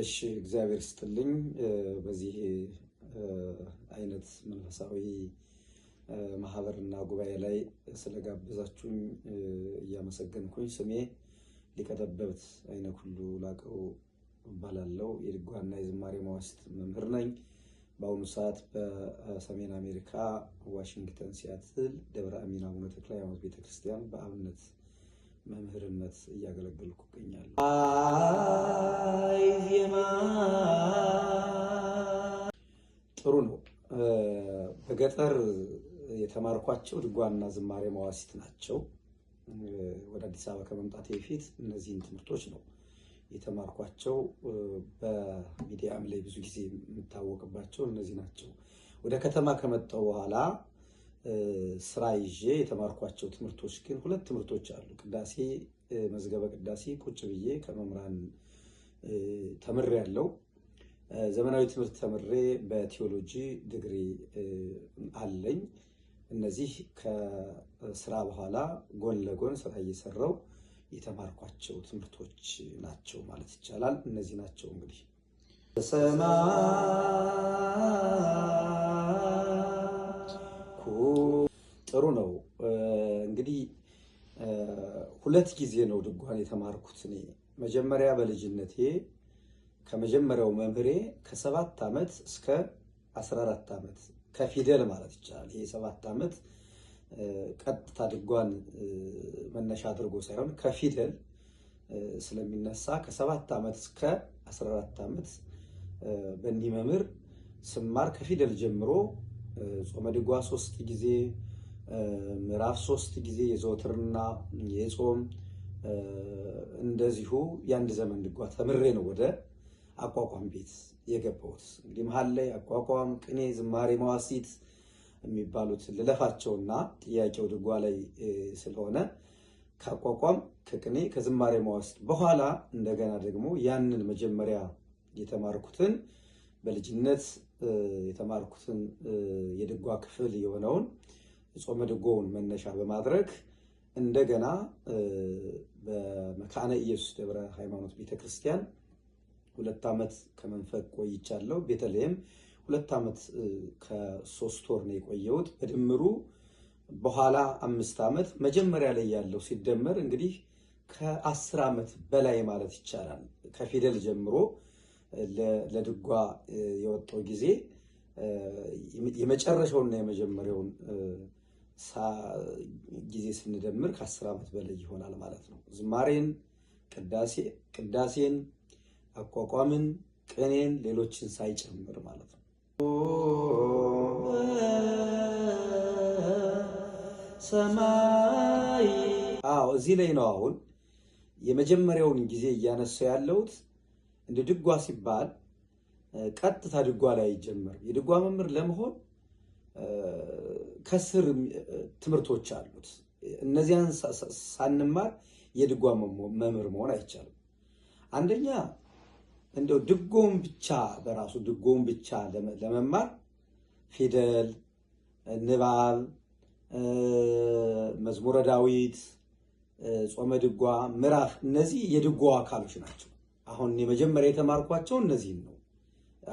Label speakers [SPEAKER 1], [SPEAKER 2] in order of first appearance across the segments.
[SPEAKER 1] እሺ እግዚአብሔር ስትልኝ በዚህ አይነት መንፈሳዊ ማህበርና ጉባኤ ላይ ስለጋበዛችሁኝ እያመሰገንኩኝ ስሜ ሊቀጠበብት አይነት ሁሉ ላቀው እባላለሁ። የድጓና የዝማሬ መዋሥዕት መምህር ነኝ። በአሁኑ ሰዓት በሰሜን አሜሪካ ዋሽንግተን፣ ሲያትል ደብረ አሚን አቡነ ተክለ ሃይማኖት ቤተክርስቲያን በአብነት መምህርነት እያገለገልኩ እገኛለሁ። አይ ዜማ ጥሩ ነው። በገጠር የተማርኳቸው ድጓና ዝማሬ መዋሲት ናቸው። ወደ አዲስ አበባ ከመምጣቴ በፊት እነዚህን ትምህርቶች ነው የተማርኳቸው። በሚዲያም ላይ ብዙ ጊዜ የምታወቅባቸው እነዚህ ናቸው። ወደ ከተማ ከመጣሁ በኋላ ስራ ይዤ የተማርኳቸው ትምህርቶች ግን ሁለት ትምህርቶች አሉ። ቅዳሴ መዝገበ ቅዳሴ ቁጭ ብዬ ከመምህራን ተምሬ ያለው ዘመናዊ ትምህርት ተምሬ በቴዎሎጂ ድግሪ አለኝ። እነዚህ ከስራ በኋላ ጎን ለጎን ስራ እየሰራው የተማርኳቸው ትምህርቶች ናቸው ማለት ይቻላል። እነዚህ ናቸው እንግዲህ ሰማ ጥሩ ነው እንግዲህ ሁለት ጊዜ ነው ድጓን የተማርኩት እኔ መጀመሪያ በልጅነቴ ከመጀመሪያው መምህሬ ከሰባት ዓመት እስከ 14 ዓመት ከፊደል ማለት ይቻላል። ይሄ ሰባት ዓመት ቀጥታ ድጓን መነሻ አድርጎ ሳይሆን ከፊደል ስለሚነሳ ከሰባት ዓመት እስከ 14 ዓመት በእንዲህ መምህር ስማር ከፊደል ጀምሮ ጾመ ድጓ ሶስት ጊዜ ምዕራፍ ሶስት ጊዜ የዘወትርና የጾም እንደዚሁ የአንድ ዘመን ድጓ ተምሬ ነው ወደ አቋቋም ቤት የገባሁት። እንግዲህ መሀል ላይ አቋቋም፣ ቅኔ፣ ዝማሬ፣ መዋሲት የሚባሉት ልለፋቸውና ጥያቄው ድጓ ላይ ስለሆነ ከአቋቋም ከቅኔ ከዝማሬ መዋሲት በኋላ እንደገና ደግሞ ያንን መጀመሪያ የተማርኩትን በልጅነት የተማርኩትን የድጓ ክፍል የሆነውን የጾመ ድጓውን መነሻ በማድረግ እንደገና በመካነ ኢየሱስ ደብረ ሃይማኖት ቤተክርስቲያን ሁለት ዓመት ከመንፈቅ ቆይቻለሁ። ቤተልሔም ሁለት ዓመት ከሶስት ወር ነው የቆየሁት በድምሩ በኋላ አምስት ዓመት መጀመሪያ ላይ ያለው ሲደመር እንግዲህ ከአስር ዓመት በላይ ማለት ይቻላል። ከፊደል ጀምሮ ለድጓ የወጣው ጊዜ የመጨረሻውና የመጀመሪያውን ጊዜ ስንደምር ከአስር ዓመት በላይ ይሆናል ማለት ነው። ዝማሬን፣ ቅዳሴ ቅዳሴን፣ አቋቋምን፣ ቅኔን፣ ሌሎችን ሳይጨምር ማለት ነው። ሰማይ አዎ፣ እዚህ ላይ ነው አሁን የመጀመሪያውን ጊዜ እያነሳው ያለሁት እንደ ድጓ ሲባል ቀጥታ ድጓ ላይ አይጀመርም። የድጓ መምህር ለመሆን ከስር ትምህርቶች አሉት። እነዚያን ሳንማር የድጓ መምህር መሆን አይቻልም። አንደኛ እንደው ድጎም ብቻ በራሱ ድጎም ብቻ ለመማር ፊደል፣ ንባብ፣ መዝሙረ ዳዊት፣ ጾመ ድጓ፣ ምዕራፍ እነዚህ የድጓ አካሎች ናቸው። አሁን የመጀመሪያ የተማርኳቸው እነዚህን ነው።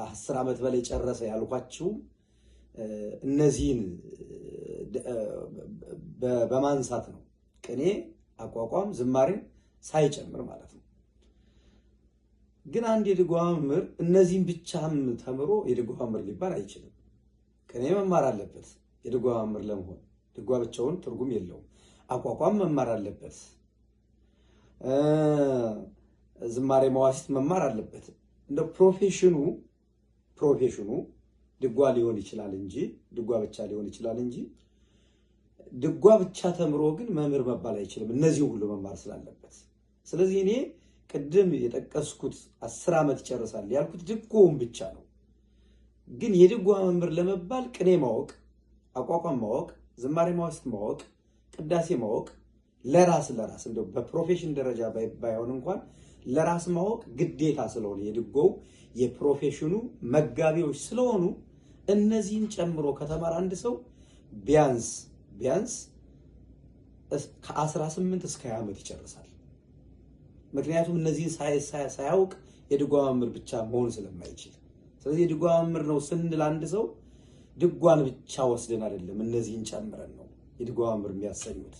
[SPEAKER 1] አስር ዓመት በላይ ጨረሰ ያልኳችሁም እነዚህን በማንሳት ነው ቅኔ፣ አቋቋም፣ ዝማሬን ሳይጨምር ማለት ነው። ግን አንድ የድጓ መምህር እነዚህን ብቻም ተምሮ የድጓ መምህር ሊባል አይችልም። ቅኔ መማር አለበት የድጓ መምህር ለመሆን። ድጓ ብቻውን ትርጉም የለውም። አቋቋም መማር አለበት። ዝማሬ መዋሲት መማር አለበት። እንደ ፕሮፌሽኑ ፕሮፌሽኑ ድጓ ሊሆን ይችላል እንጂ ድጓ ብቻ ሊሆን ይችላል እንጂ ድጓ ብቻ ተምሮ ግን መምህር መባል አይችልም፣ እነዚህ ሁሉ መማር ስላለበት። ስለዚህ እኔ ቅድም የጠቀስኩት አስር ዓመት ይጨርሳል ያልኩት ድጎውን ብቻ ነው። ግን የድጓ መምህር ለመባል ቅኔ ማወቅ፣ አቋቋም ማወቅ፣ ዝማሬ ማወስት ማወቅ፣ ቅዳሴ ማወቅ፣ ለራስ ለራስ እንደው በፕሮፌሽን ደረጃ ባይሆን እንኳን ለራስ ማወቅ ግዴታ ስለሆነ የድጎው የፕሮፌሽኑ መጋቢዎች ስለሆኑ እነዚህን ጨምሮ ከተማር አንድ ሰው ቢያንስ ቢያንስ ከ18 እስከ 20 ዓመት ይጨርሳል። ምክንያቱም እነዚህን ሳያውቅ የድጓ መምህር ብቻ መሆን ስለማይችል፣ ስለዚህ የድጓ መምህር ነው ስንል አንድ ሰው ድጓን ብቻ ወስደን አይደለም፣ እነዚህን ጨምረን ነው የድጓ መምህር የሚያሰኙት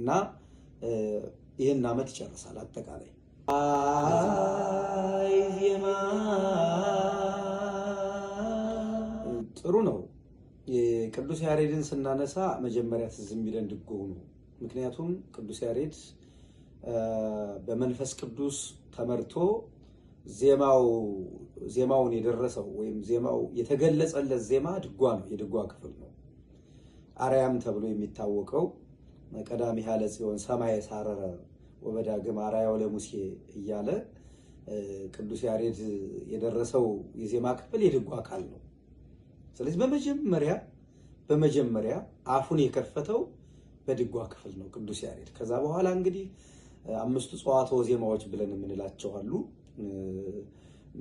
[SPEAKER 1] እና ይህን ዓመት ይጨርሳል አጠቃላይ ዜማ ጥሩ ነው። ቅዱስ ያሬድን ስናነሳ መጀመሪያ ትዝ የሚለን ድጎው ነው። ምክንያቱም ቅዱስ ያሬድ በመንፈስ ቅዱስ ተመርቶ ዜማውን የደረሰው ወይም ዜማው የተገለጸለት ዜማ ድጓ ነው፣ የድጓ ክፍል ነው። አርያም ተብሎ የሚታወቀው ቀዳሚ ያለ ሲሆን ሰማይ ሳረረ ወበዳግም አርአያው ለሙሴ እያለ ቅዱስ ያሬድ የደረሰው የዜማ ክፍል የድጓ አካል ነው። ስለዚህ በመጀመሪያ በመጀመሪያ አፉን የከፈተው በድጓ ክፍል ነው ቅዱስ ያሬድ። ከዛ በኋላ እንግዲህ አምስቱ ጸዋትወ ዜማዎች ብለን የምንላቸው አሉ።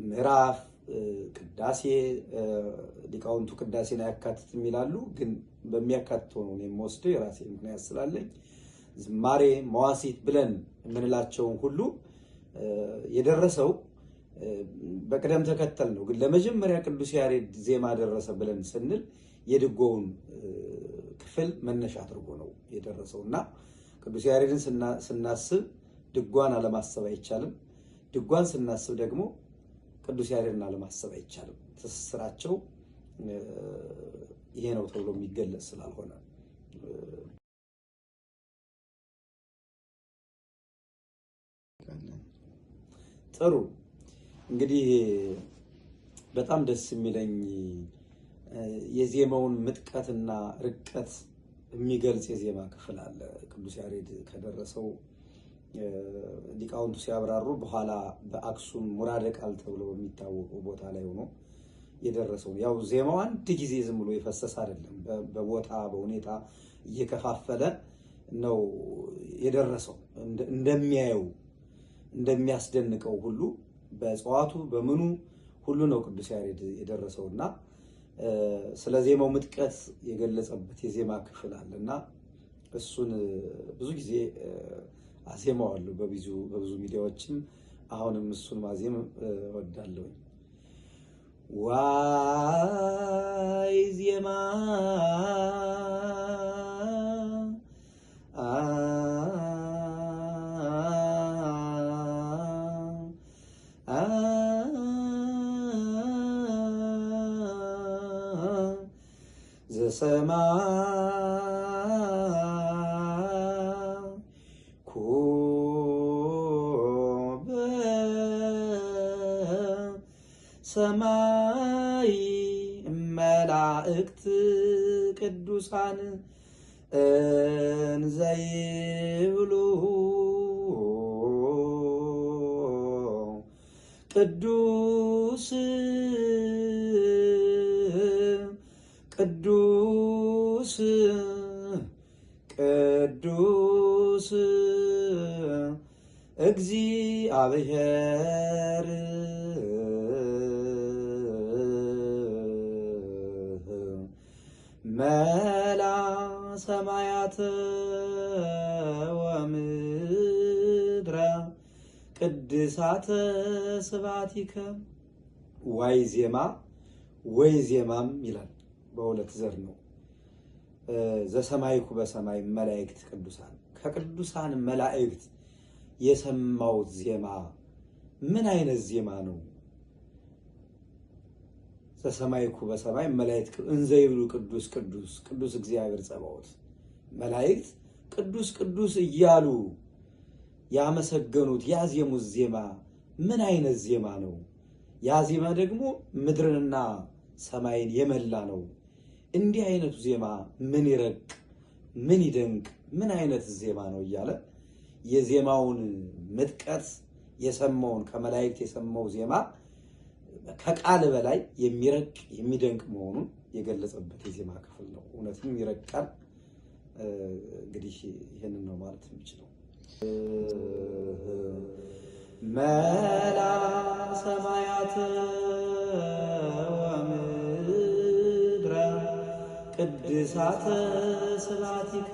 [SPEAKER 1] ምዕራፍ፣ ቅዳሴ ሊቃውንቱ ቅዳሴን አያካትትም ይላሉ፣ ግን በሚያካትተው ነው የምወስደው የራሴ ምክንያት ስላለኝ። ዝማሬ፣ መዋሲት ብለን የምንላቸውን ሁሉ የደረሰው በቅደም ተከተል ነው። ግን ለመጀመሪያ ቅዱስ ያሬድ ዜማ ደረሰ ብለን ስንል የድጎውን ክፍል መነሻ አድርጎ ነው የደረሰው እና ቅዱስ ያሬድን ስናስብ ድጓን አለማሰብ አይቻልም። ድጓን ስናስብ ደግሞ ቅዱስ ያሬድን አለማሰብ አይቻልም። ትስስራቸው ይሄ ነው ተብሎ የሚገለጽ ስላልሆነ ጥሩ እንግዲህ በጣም ደስ የሚለኝ የዜማውን ምጥቀትና ርቀት የሚገልጽ የዜማ ክፍል አለ። ቅዱስ ያሬድ ከደረሰው ሊቃውንቱ ሲያብራሩ በኋላ በአክሱም ሙራደ ቃል ተብሎ በሚታወቀው ቦታ ላይ ሆኖ የደረሰው ያው ዜማው አንድ ጊዜ ዝም ብሎ የፈሰሰ አይደለም። በቦታ በሁኔታ እየከፋፈለ ነው የደረሰው እንደሚያየው እንደሚያስደንቀው ሁሉ በእጽዋቱ በምኑ ሁሉ ነው ቅዱስ ያሬድ የደረሰው እና ስለ ዜማው ምጥቀት የገለጸበት የዜማ ክፍል አለ እና እሱን ብዙ ጊዜ አዜማዋለሁ በብዙ ሚዲያዎችም አሁንም እሱን ማዜም እወዳለሁ። ዋይ ዜማ በሰማይ ኩበ ሰማይ መላእክት ቅዱሳን እንዘይብሉ ቅዱስ ቅዱስ ቅዱስ እግዚአብሔር መላ ሰማያት ወምድረ ቅድሳተ ስባቲከ ዋይ ዜማ ወይ ዜማም ይላል። በሁለት ዘር ነው። ዘሰማይኩ በሰማይ መላእክት ቅዱሳን ከቅዱሳን መላእክት የሰማሁት ዜማ ምን አይነት ዜማ ነው? ዘሰማይኩ በሰማይ መላእክት እንዘ ይብሉ ቅዱስ ቅዱስ ቅዱስ እግዚአብሔር ጸባዖት መላእክት ቅዱስ ቅዱስ እያሉ ያመሰገኑት ያዜሙት ዜማ ምን አይነት ዜማ ነው? ያ ዜማ ደግሞ ምድርንና ሰማይን የመላ ነው። እንዲህ አይነቱ ዜማ ምን ይረቅ፣ ምን ይደንቅ፣ ምን አይነት ዜማ ነው እያለ የዜማውን ምጥቀት የሰማውን ከመላእክት የሰማው ዜማ ከቃል በላይ የሚረቅ የሚደንቅ መሆኑን የገለጸበት የዜማ ክፍል ነው። እውነትም ይረቃል። እንግዲህ ይህንን ነው ማለት የምችለው። መላ ሰማያትን ቅድሳተ ስብሐቲከ